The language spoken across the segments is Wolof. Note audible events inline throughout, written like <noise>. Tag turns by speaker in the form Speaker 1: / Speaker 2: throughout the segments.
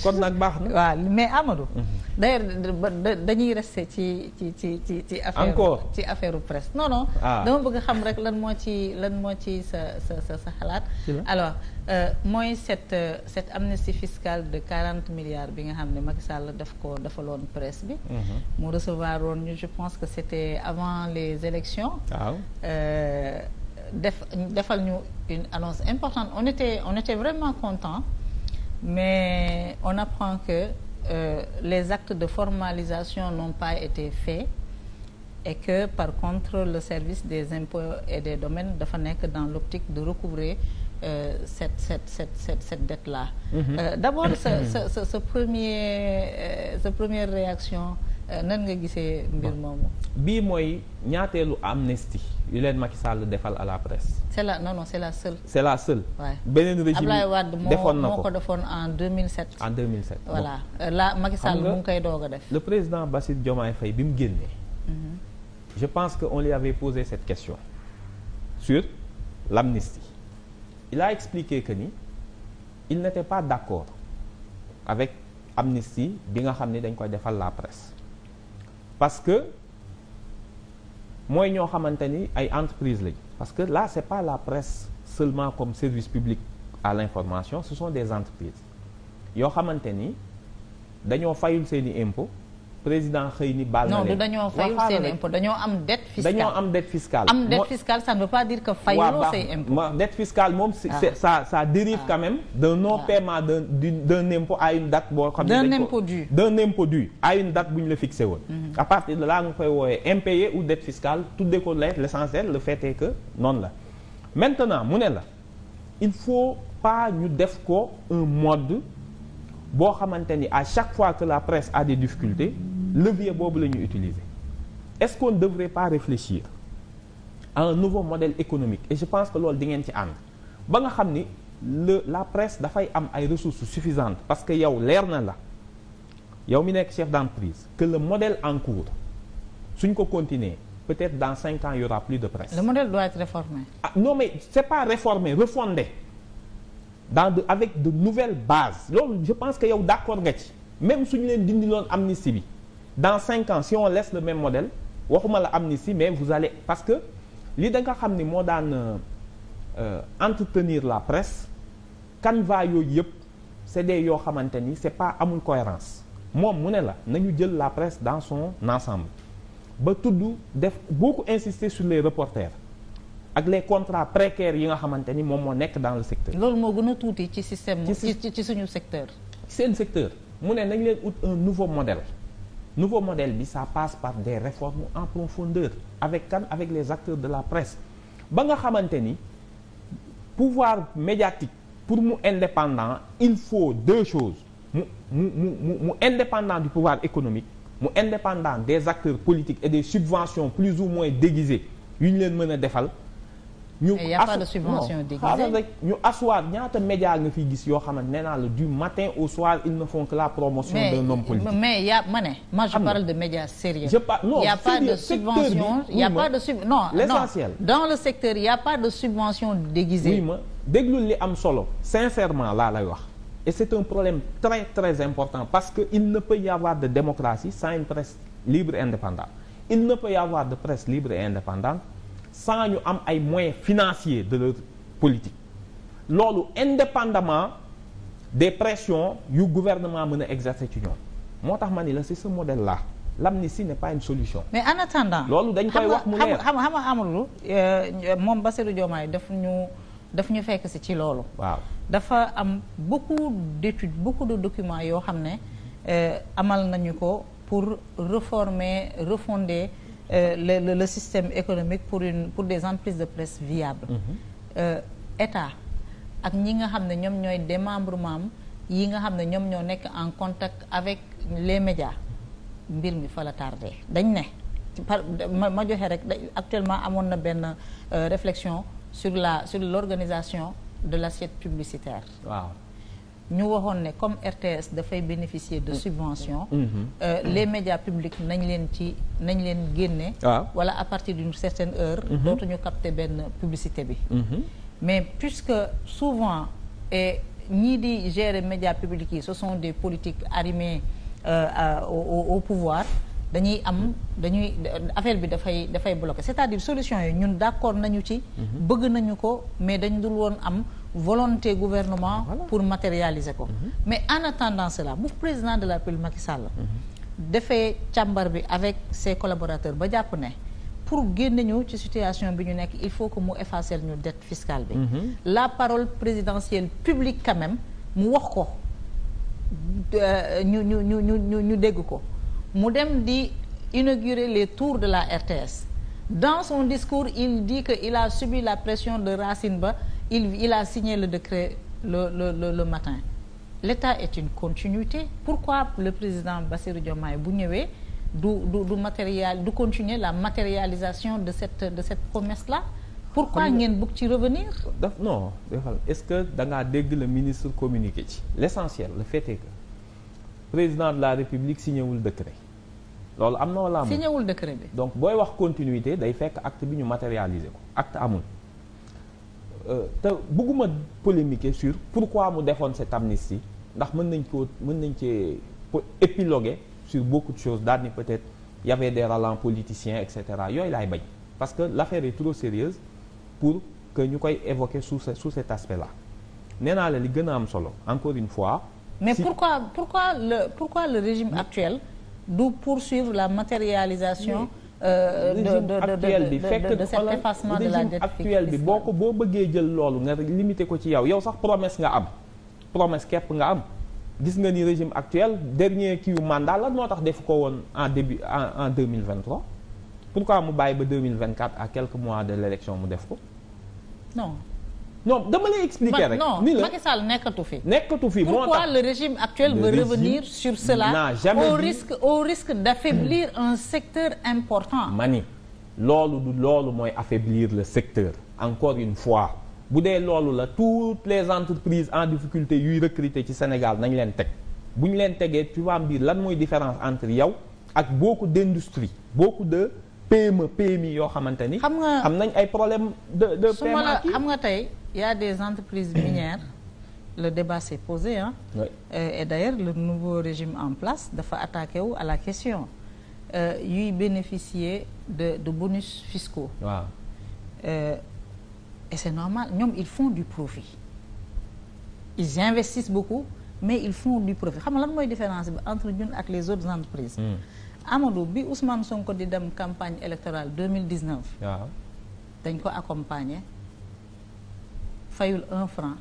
Speaker 1: kon nag baax na. waaw mais Amadou. Mhm. d'ailleurs dañuy rester ci ci ci ci ci. affaire ci affaire presse. non non ah. dama bëgg xam rek lan moo ci lan moo ci sa sa sa sa xalaat. alors euh, mooy cette euh, cette amnistie fiscale de quarante milliards bi nga xam ne Macky Sall def ko defaloon presse bi. Mhm. mu recevoir woon je pense que c'était avant les élections. waaw. Euh, def defal ñu une annonce importante on était on était vraiment content mais on apprend que euh, les actes de formalisation n'ont pas été faits et que par contre le service des impôts et des domaines dafa nekk dans l'optique de recouvrer euh, cette cette cette cette cette dette là. Mm-hmm. euh, d'abord ce <coughs> ce ce, ce premier, euh, ce première réaction. Euh, nan nga gisee mbir moomu.
Speaker 2: bii mooy ñaateelu amnistie yu leen Macky Sall defal à la presse.
Speaker 1: c' est la non non c' est la seule.
Speaker 2: c' est la seule. waay beneen régime Ablaye Wade defoon na ko moo ko
Speaker 1: defoon en 2007. voilà euh, la Macky Sall mu ngi koy doog a def.
Speaker 2: le président Bassirou Diomaye Faye bi mu génnee.
Speaker 1: Mm-hmm.
Speaker 2: je pense que on li avait posé cette question sur l' amnistie. il a expliqué que ni il n' était pas d' accord avec amnistie bi nga xam ne dañ koy defal la près parce que mooy ñoo xamante ni ay entreprises lañ parce que là c'est pas la presse seulement comme service public à l'information ce sont des entreprises yoo xamante ni dañoo fayul seeni impôts président xëy ni baal na dañoo fayul seen
Speaker 1: dañoo am dette fiscale dañoo
Speaker 2: am dette fiscale. am dette
Speaker 1: fiscale ça ne veut pas dire que fayuloo say impôt
Speaker 2: waaw dette fiscale moom sa ah. ça dérive ah. quand même d'un non ah. paiement d'un impôt à une date boo xam ne d'un impôt dû d'un impôt dû à une date bu ñu la fixé woon mhm. à partir de là nga koy wooye impayé ou dette fiscale tudde ko la l'essentiel le fait est que noonu la maintenant mu ne la il faut pas ñu def ko un mode boo xamante ni à chaque fois que la presse a des difficultés levier boobu la ñuy utiliser est-ce qu'on ne devrait pas réfléchir à un nouveau modèle économique et je pense que loolu di ngeen ci ànd ba nga xam ni le la presse dafay am ay ressource suffisante parce que yow leer na la yow mi nekk chef d'entreprise que le modèle en cours suñ ko continuer peut-être dans cinq ans il y plus de presse. le modèle doit être réformé. ah non mais c'est pas réformé refondé dans de avec de nouvelles bases loolu je pense que yow d'accord nga ci même suñu leen dindi loon amnistie bi. dans cinq ans si on laisse le même modèle waxuma la amnistie mais vous allez parce que li da nga xam ni moo daan euh, entretenir la presse canevas yooyu yëpp c'est des yoo xamante ni c'est pas amul cohérence moom mu ne la na ñu jël la presse dans son ensemble ba tudd def boo beaucoup insister sur les reporters ak les contrats précaires yi nga xamante ni moom moo nekk dans le secteur.
Speaker 1: loolu moo gën a tuuti ci système. ci ci suñu secteur.
Speaker 2: seen secteur mu ne nañ leen ut un nouveau modèle. nouveau modèle bi ça passe par des réformes en profondeur avec kan avec les acteurs de la presse ba nga xamante ni pouvoir médiatique pour mu indépendant il faut deux choses mu mu mu indépendant du pouvoir économique mu indépendant des acteurs politiques et des subventions plus ou moins déguisées yu ñu leen mën a defal ñu y a pas de subvention déguisée rek ñu asseoir ñaata média nga fiy gis yoo xamante nee naa la du matin au soir ils ne font que la promotion d'un homme politique
Speaker 1: mais y a ma ne moi je parle de médias sérieux je parle non y a pas de subvention y a pas de sub non l'essentiel dans le secteur y a pas de subvention déguisée oui ma
Speaker 2: déglul li am solo sincèrement laa lay wax et c'est un problème très très important parce que il ne peut y avoir de démocratie sans une presse libre et indépendante il ne peut y avoir de presse libre et indépendante sans ñu am ay moyens financiers de leur politique loolu indépendamment des pressions yu gouvernement mën a exercer ci ñoom moo tax ma ni la c'est ce modèle là l'amnistie n'est pas une solution.
Speaker 1: mais en
Speaker 2: loolu dañ koy wax mu leer xam
Speaker 1: nga xam nga euh, moom Bassirou Diomaye daf ñu daf ñu fekk si ci loolu. waaw dafa am beaucoup d'études beaucoup de document yoo xam ne euh, amal nañu ko pour réformer refonde Euh, le, le, le système économique pour une pour des entreprises de presse viables mhm. euh, état ak ñi nga xam ne ñoom ñooy démembrement maam yi nga xam ne ñoom ñoo nekk en contact avec les médias mbir mi fa la tardé dañ ne ma joxe rek actuellement amoon na benn euh, réflexion sur la sur l'organisation de l'assiette publicitaire waaw ñu waxoon ne comme RTS dafay bénéficier de mm. subvention mm-hmm. euh, les médias publics nañ leen ci nañ leen génne wala ah. à partir d'une certaine heure mm-hmm. dootuñu capter benn publicité bi mm-hmm. mais puisque souvent ñii di gérer médias publics yi ce sont des politique arrimés euh, à, au, au pouvoir dañuy am dañuy affaire bi dafay dafay bloqué c'est-à-dire solution yi ñun d'accord nañu ci bëgg nañu ko mais dañu dul woon am volonté gouvernement ah, pour matérialiser ko mhm. mais en attendant cela bu président de la République Macky Sall mhm. defee càmbar bi avec ses collaborateur ba jàpp ne pour génne ñu ci situation bi ñu nekk il faut que mu effacer ñu dette fiscale bi mhm. la parole présidentielle publique quand même mu wax ko euh, ñu ñu ñu ñu ñu dégg ko mu dem di inaugurer les tour de la RTS dans son discours il dit que il a subi la pression de Racine Ba il il a signé le décret le le le, le matin l'état est une continuité pourquoi le président Bassirou Diomaye bu ñëwee du du du matériel du continuer la matérialisation de cette de cette promesse là pourquoi ngeen bëgg ci revenir
Speaker 2: daf non est-ce que da ngaa dégg le ministre communiqué ci l'essentiel le fait est président de la république signéwul décret loolu am na wala amul signéwul décret bi donc booy wax continuité day fekk acte bi ñu matérialiser ko acte amul Euh, te bëgguma polémiquer sur pourquoi mu defoon cette amnistie ndax mën nañ koo mën nañ cee épiloguer sur beaucoup de choses ni peut-être y avait des rallants politiciens et cetera yooyu laay bañ parce que l'affaire est trop sérieuse pour que ñu koy évoquer sous sous cet aspect là nee naa la li gën a am solo encore une fois.
Speaker 1: mais si pourquoi pourquoi le pourquoi le régime hmm? actuel. du poursuivre la matérialisation.
Speaker 2: Euh, actuel bi fekk de cet effacement de la dette actuel bi boo ko boo bëggee jël loolu nga limité ko ci yow yow sax promesse nga am promesse képp nga am gis nga ni régime actuel dernier kii yu mandat lan moo tax def ko woon en début en en 2023 pourquoi mu bàyyi ba 2024 à quelques mois de l' élection mu def ko non dama lay expliquer rek. ni la
Speaker 1: Sall nekkatu fi.
Speaker 2: nekkatu fi moo tax pourquoi le
Speaker 1: régime actuel veut revenir sur cela au risque au risque d'affaiblir <clears throat> un secteur important.
Speaker 2: mani loolu du loolu mooy affaiblir le secteur encore une fois bu dee loolu la toutes les entreprises en difficulté yuy recruter ci Sénégal nañ leen teg bu ñu leen tegee tu vas lan mooy différence entre yow ak booku d'industrie booku de. PME PMI yoo xamante ni. xam nga am nañ ay problème de de PMA kii
Speaker 1: xam nga tey y des entreprises minières le débat s'est posé ah. et d'ailleurs le nouveau régime en place dafa attaqué wu à la question euh, yuy bénéficier de de bonus fiscaux. waaw euh, et c'est normal ñoom ils font du profit ils investissent beaucoup mais ils font du profit xam nga lan mooy différence bi entre ñun ak les autres entreprises. Hmm. Amadou bi Ousmane Sonko di dem campagne électorale 2019. waaw dañ ko accompagner fayul un franc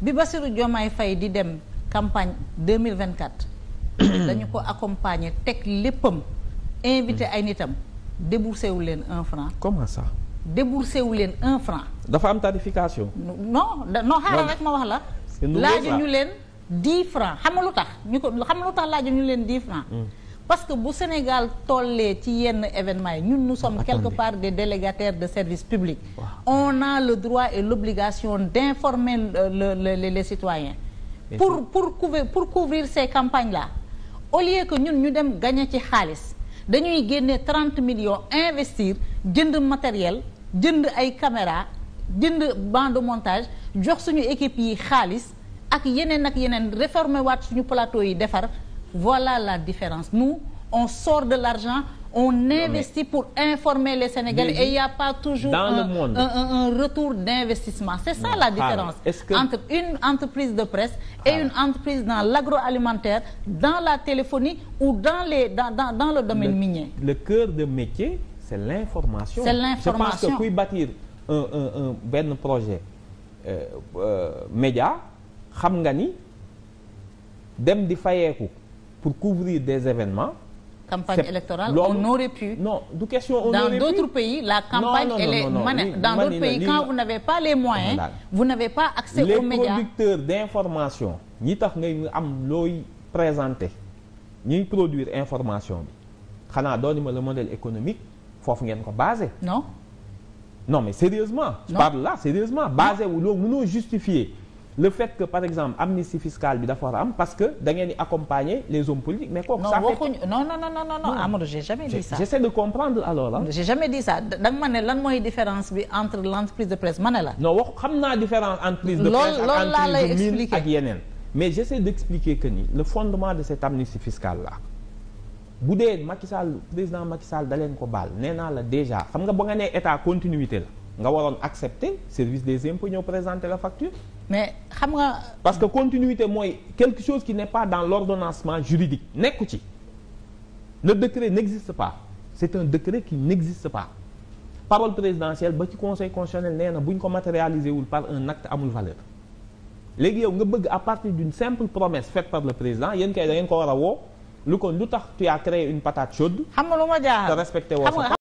Speaker 1: bi Bassirou Diomaye Faye di dem campagne 2024. <coughs> dañu ko accompagner teg léppam invité ay nitam déboursé wu leen un franc. comment ça. déboursé wu leen un franc.
Speaker 2: dafa am tarification.
Speaker 1: non non xaaral rek ma wax la. laaju ñu leen dix franc xam nga lu tax ñu ko xam nga tax laaju ñu leen dix franc. Hmm. parce que bu Sénégal tollee ci yenn événement yi ñun nous sommes Attendez. quelque part des délégataires de service public wow. on a le droit et l'obligation d'informer le, le, le, pour sûr. pour couvrir pour couvrir ces campagnes là au lieu que ñun ñu dem gagner ci xaalis dañuy génne trente millions investir jënd matériel jënd ay caméra jënd banc de montage jox suñu équipe yi xaalis ak yeneen ak yeneen réformer waat suñu plateau yi defar Voilà la différence. Nous, on sort de l'argent, on investit pour informer les Sénégalais et il n'y a pas toujours un, un, un, retour d'investissement. C'est ça la différence entre une entreprise de presse et une entreprise dans l'agroalimentaire, dans la téléphonie ou dans, les, dans, dans, dans le domaine le,
Speaker 2: Le cœur de métier, c'est l'information. C'est l'information. Je pense que pour bâtir un, ben projet euh, euh, média, xam nga ni dem di fayeeku pour couvrir des événements. campagne électorale on aurait pu. non du question on aurait pu dans d'autres
Speaker 1: pays la campagne. non non non non elle est dans d'autres pays quand vous n'avez pas les moyens. vous n'avez pas accès aux médias les
Speaker 2: producteurs d'information ñi tax am looy présenter ñuy produire information bi xanaa dooni ma le modèle économique foofu ngeen ko basé. non non mais sérieusement je parle là sérieusement basé wu loo mënoo justifier. le fait que par exemple amnistie fiscale bi dafa war a parce que da ngeen di accompagner les hommes politiques mais kooku. ça fait
Speaker 1: non non non non non non Amadou
Speaker 2: j'ai jamais dit de comprendre alors ah. j'ai jamais
Speaker 1: dit ça da ne lan mooy différence bi entre l'entreprise de presse ma ne la.
Speaker 2: non wax xam naa différence entreprise de presse ak entreprise de mine ak yeneen. mais j'essaie d'expliquer que ni le fondement de cette amnistie fiscale là bu dee Macky Sall président Macky Sall da leen ko baal nee naa la déjà xam nga ba nga nee état continuité la nga waroon accepter service des impôts ñëw présenter la facture. mais xam nga. parce que continuité mooy quelque chose qui n'est pas dans l'ordonnancement juridique nekku ci le décret n'existe pas c'est un décret qui n'existe pas parole présidentielle ba ci conseil constitutionnel nee na bu ñu ko matérialisé wul par un acte amul valeur léegi yow nga bëgg à partir d'une simple promesse faite par le président yéen kay da ko war a woo lu kon lu tax tu as créé une patate chaude. xam nga lu ma jaar te respecté woo